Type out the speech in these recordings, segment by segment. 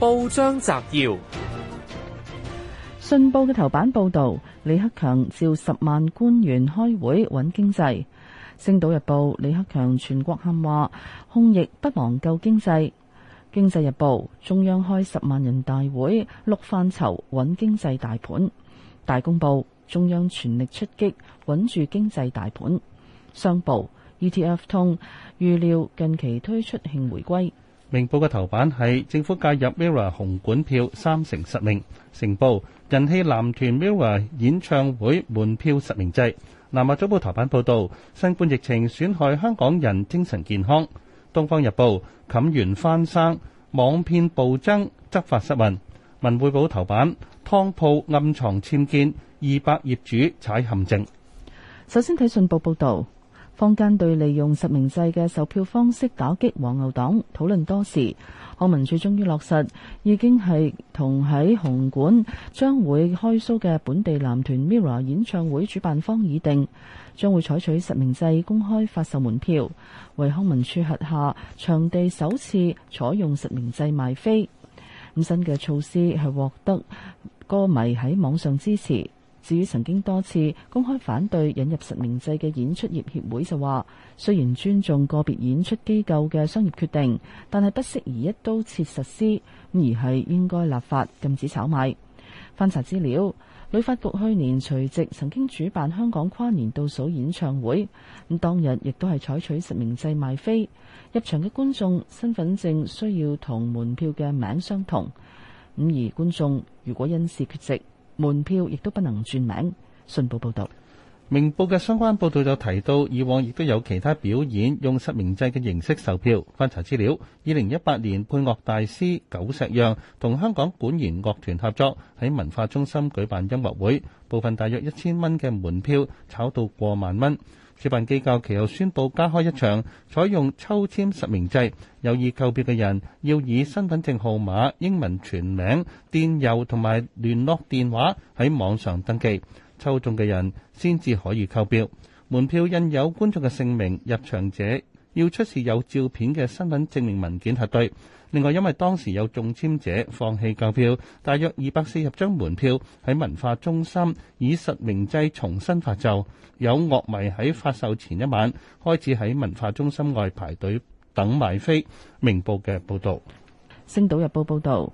報章摘要：《信報》嘅頭版報道李克強召十萬官員開會穩經濟，《星島日報》李克強全國喊話控疫不忘救經濟，《經濟日報》中央開十萬人大會六範疇穩經濟大盤，《大公報》中央全力出擊穩住經濟大盤，《商報》ETF 通預料近期推出慶回歸。明報嘅頭版係政府介入 mirror 紅館票三成實名，成報，人氣男團 mirror 演唱會門票實名制。南華早報頭版報道，新冠疫情損害香港人精神健康。東方日報冚完翻生網騙暴增，執法失文。文匯報頭版，湯鋪暗藏僭建，二百業主踩陷阱。首先睇信報報道。坊間對利用實名制嘅售票方式打擊黃牛黨，討論多時，康文署終於落實，已經係同喺紅館將會開 show 嘅本地男團 Mirror 演唱會主辦方已定，將會採取實名制公開發售門票，為康文署轄下場地首次採用實名制賣飛。咁新嘅措施係獲得歌迷喺網上支持。至於曾經多次公開反對引入實名制嘅演出業協會就話：雖然尊重個別演出機構嘅商業決定，但係不適宜一刀切實施，而係應該立法禁止炒賣。翻查資料，旅發局去年除夕曾經主辦香港跨年倒數演唱會，咁當日亦都係採取實名制賣飛，入場嘅觀眾身份證需要同門票嘅名相同，咁而觀眾如果因事缺席，門票亦都不能轉名。信報報道，明報嘅相關報導就提到，以往亦都有其他表演用實名制嘅形式售票。翻查資料，二零一八年配樂大師久石讓同香港管弦樂團合作喺文化中心舉辦音樂會，部分大約一千蚊嘅門票炒到過萬蚊。主辦機構其後宣布加開一場，採用抽簽實名制，有意購票嘅人要以身份證號碼、英文全名、電郵同埋聯絡電話喺網上登記，抽中嘅人先至可以購票。門票印有觀眾嘅姓名，入場者要出示有照片嘅身份證明文件核對。另外，因為當時有中籤者放棄購票，大約二百四十張門票喺文化中心以實名制重新發售。有樂迷喺發售前一晚開始喺文化中心外排隊等買飛。明報嘅報導。《星島日報》報導。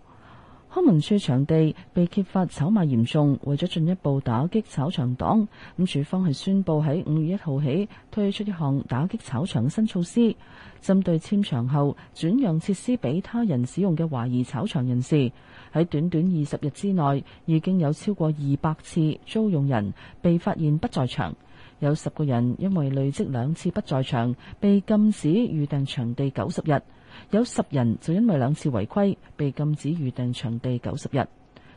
康文署場地被揭發炒賣嚴重，為咗進一步打擊炒場黨，咁署方係宣布喺五月一號起推出一項打擊炒場新措施，針對簽場後轉讓設施俾他人使用嘅懷疑炒場人士，喺短短二十日之內已經有超過二百次租用人被發現不在場，有十個人因為累積兩次不在場，被禁止預訂場地九十日。有十人就因為兩次違規被禁止預訂場地九十日。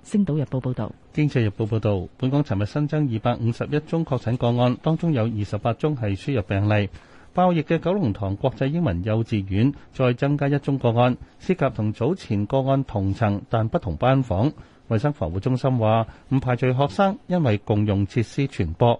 星島日報報道，經濟日報報道，本港尋日新增二百五十一宗確診個案，當中有二十八宗係輸入病例。爆疫嘅九龍塘國際英文幼稚園再增加一宗個案，涉及同早前個案同層但不同班房。衛生防護中心話唔排除學生因為共用設施傳播。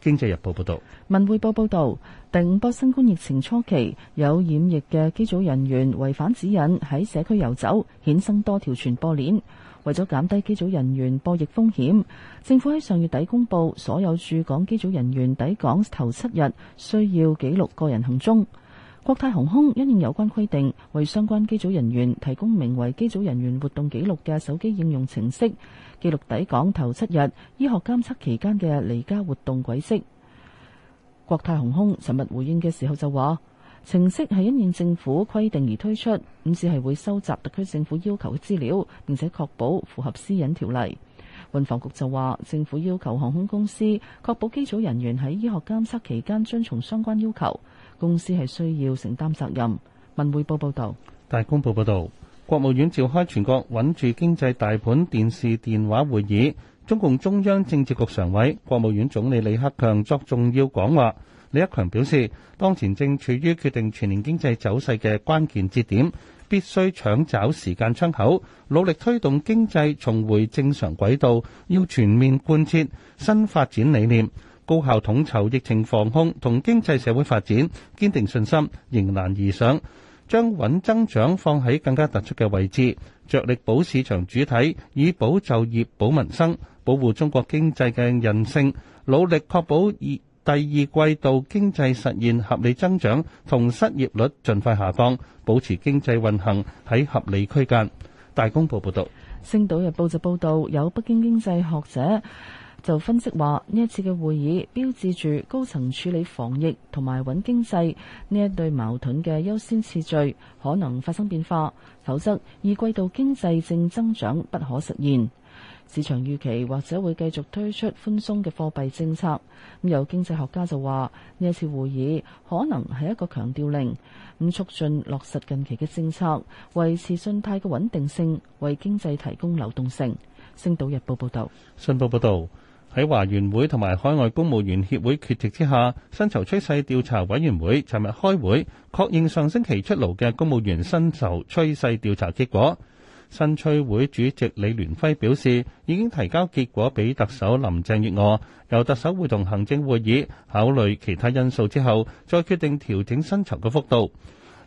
經濟日報報道，文匯報報道，第五波新冠疫情初期有染疫嘅機組人員違反指引喺社區遊走，衍生多條傳播鏈。為咗減低機組人員播疫風險，政府喺上月底公布，所有駐港機組人員抵港頭七日需要記錄個人行蹤。國泰航空因應有關規定，為相關機組人員提供名為機組人員活動記錄嘅手機應用程式，記錄抵港頭七日醫學監測期間嘅離家活動軌跡。國泰航空尋日回應嘅時候就話，程式係因應政府規定而推出，咁只係會收集特區政府要求嘅資料，並且確保符合私隱條例。運防局就話，政府要求航空公司確保機組人員喺醫學監測期間遵從相關要求，公司係需要承擔責任。文匯報報道。大公報報道，國務院召開全國穩住經濟大盤電視電話會議，中共中央政治局常委、國務院總理李克強作重要講話。李克強表示，當前正處於決定全年經濟走勢嘅關鍵節點。必須搶找時間窗口，努力推動經濟重回正常軌道。要全面貫徹新發展理念，高效統籌疫情防控同經濟社會發展，堅定信心，迎難而上，將穩增長放喺更加突出嘅位置，着力保市場主體，以保就業、保民生，保護中國經濟嘅韌性，努力確保二。第二季度經濟實現合理增長，同失業率盡快下降，保持經濟運行喺合理區間。大公報報道。《星島日報》就報道有北京經濟學者就分析話，呢一次嘅會議標誌住高層處理防疫同埋穩經濟呢一對矛盾嘅優先次序可能發生變化，否則二季度經濟正增長不可實現。市場預期或者會繼續推出寬鬆嘅貨幣政策。咁有經濟學家就話，呢一次會議可能係一個強調令，咁促進落實近期嘅政策，維持信貸嘅穩定性，為經濟提供流動性。星島日報報道。信報報道喺華員會同埋海外公務員協會缺席之下，薪酬趨勢調查委員會尋日開會，確認上星期出爐嘅公務員薪酬趨勢調查結果。新趨會主席李聯輝表示，已經提交結果俾特首林鄭月娥，由特首會同行政會議考慮其他因素之後，再決定調整薪酬嘅幅度。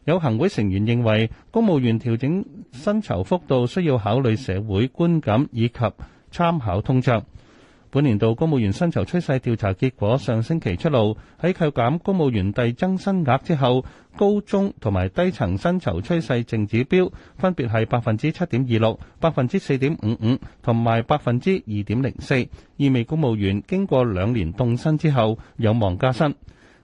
有行會成員認為，公務員調整薪酬幅度需要考慮社會觀感以及參考通脹。本年度公務員薪酬趨勢調查結果上星期出爐，喺扣減公務員遞增薪額之後，高中同埋低層薪酬趨勢淨指標分別係百分之七點二六、百分之四點五五同埋百分之二點零四，意味公務員經過兩年凍薪之後有望加薪。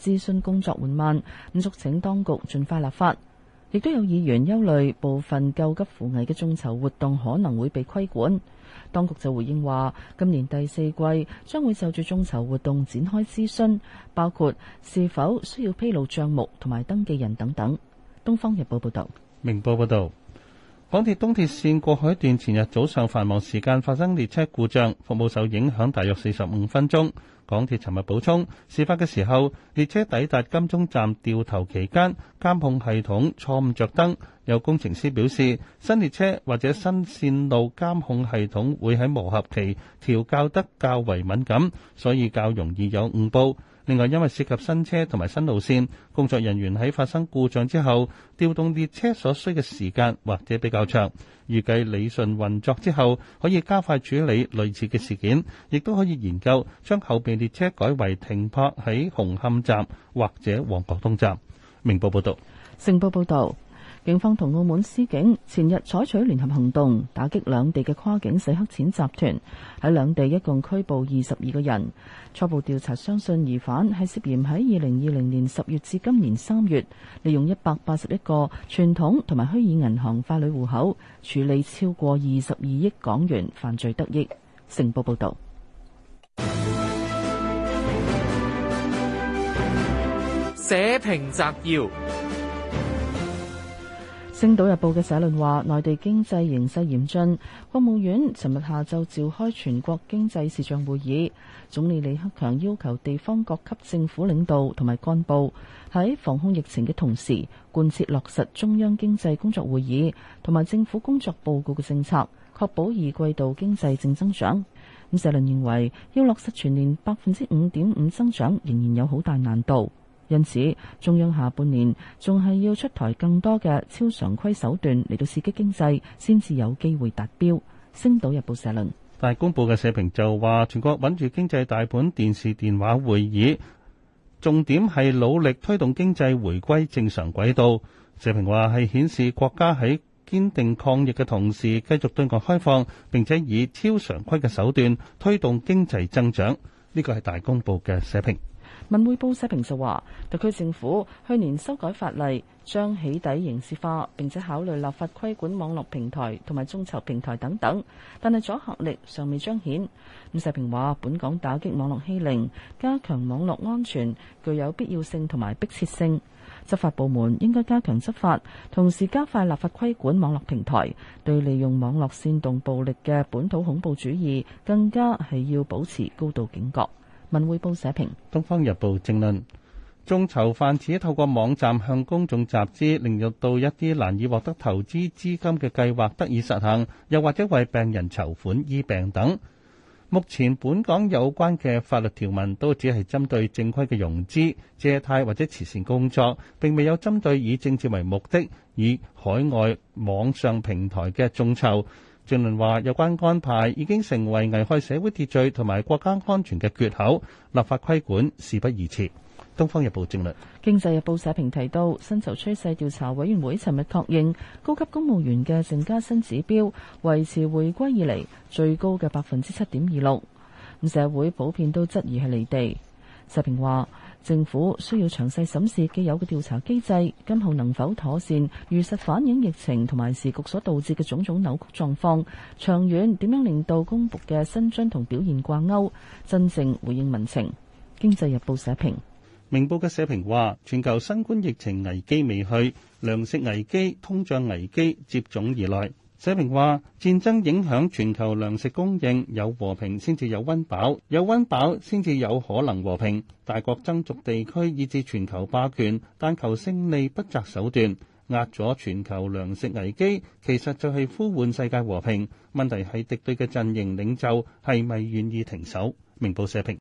諮詢工作緩慢，咁就請當局盡快立法。亦都有議員憂慮部分救急扶危嘅眾籌活動可能會被規管。當局就回應話，今年第四季將會就住眾籌活動展開諮詢，包括是否需要披露帳目同埋登記人等等。《東方日報》報道。明報報導。港鐵東鐵線過海段前日早上繁忙時間發生列車故障，服務受影響大約四十五分鐘。港鐵尋日補充，事發嘅時候，列車抵達金鐘站掉頭期間，監控系統錯誤着燈。有工程師表示，新列車或者新線路監控系統會喺磨合期調校得較為敏感，所以較容易有誤報。另外，因為涉及新車同埋新路線，工作人員喺發生故障之後調動列車所需嘅時間或者比較長。預計理順運作之後，可以加快處理類似嘅事件，亦都可以研究將後備列車改為停泊喺紅磡站或者旺角東站。明報報道。成報報導。警方同澳門司警前日採取聯合行動，打擊兩地嘅跨境洗黑錢集團，喺兩地一共拘捕二十二個人。初步調查相信疑犯係涉嫌喺二零二零年十月至今年三月，利用一百八十一個傳統同埋虛擬銀行法旅戶口，處理超過二十二億港元犯罪得益。成報報道。社評摘要。《星島日報》嘅社論話，內地經濟形勢嚴峻，國務院尋日下晝召開全國經濟視像會議，總理李克強要求地方各級政府領導同埋幹部喺防控疫情嘅同時，貫徹落實中央經濟工作會議同埋政府工作報告嘅政策，確保二季度經濟正增長。咁社論認為，要落實全年百分之五點五增長，仍然有好大難度。因此，中央下半年仲係要出台更多嘅超常規手段嚟到刺激經濟，先至有機會達標。星島日報社論，大公報嘅社評就話，全國穩住經濟大盤電視電話會議，重點係努力推動經濟回歸正常軌道。社評話係顯示國家喺堅定抗疫嘅同時，繼續對外開放，並且以超常規嘅手段推動經濟增長。呢個係大公報嘅社評。文匯報社評就話：特區政府去年修改法例，將起底刑事化，並且考慮立法規管網絡平台同埋眾籌平台等等，但係阻嚇力尚未彰顯。伍世平話：本港打擊網絡欺凌、加強網絡安全，具有必要性同埋迫切性。執法部門應該加強執法，同時加快立法規管網絡平台。對利用網絡煽動暴力嘅本土恐怖主義，更加係要保持高度警覺。文匯報社評，《東方日報》政論：眾籌泛指透過網站向公眾集資，令到一啲難以獲得投資資金嘅計劃得以實行，又或者為病人籌款醫病等。目前本港有關嘅法律條文都只係針對正規嘅融資、借貸或者慈善工作，並未有針對以政治為目的、以海外網上平台嘅眾籌。正論話：有關安排已經成為危害社會秩序同埋國家安全嘅缺口，立法規管事不宜遲。東方日報正論，經濟日報社評提到，薪酬趨勢調查委員會尋日確認，高級公務員嘅淨加薪指標維持回歸以嚟最高嘅百分之七點二六。咁社會普遍都質疑係離地。社評話。政府需要詳細審視既有嘅調查機制，今後能否妥善、如實反映疫情同埋時局所導致嘅種種扭曲狀況？長遠點樣令到公僕嘅薪津同表現掛鈎，真正回應民情？經濟日報社評，明報嘅社評話：全球新冠疫情危機未去，糧食危機、通脹危機接踵而來。社評話：戰爭影響全球糧食供應，有和平先至有溫飽，有溫飽先至有可能和平。大國爭逐地區以至全球霸權，但求勝利不擇手段，壓咗全球糧食危機，其實就係呼喚世界和平。問題係敵對嘅陣營領袖係咪願意停手？明報社評。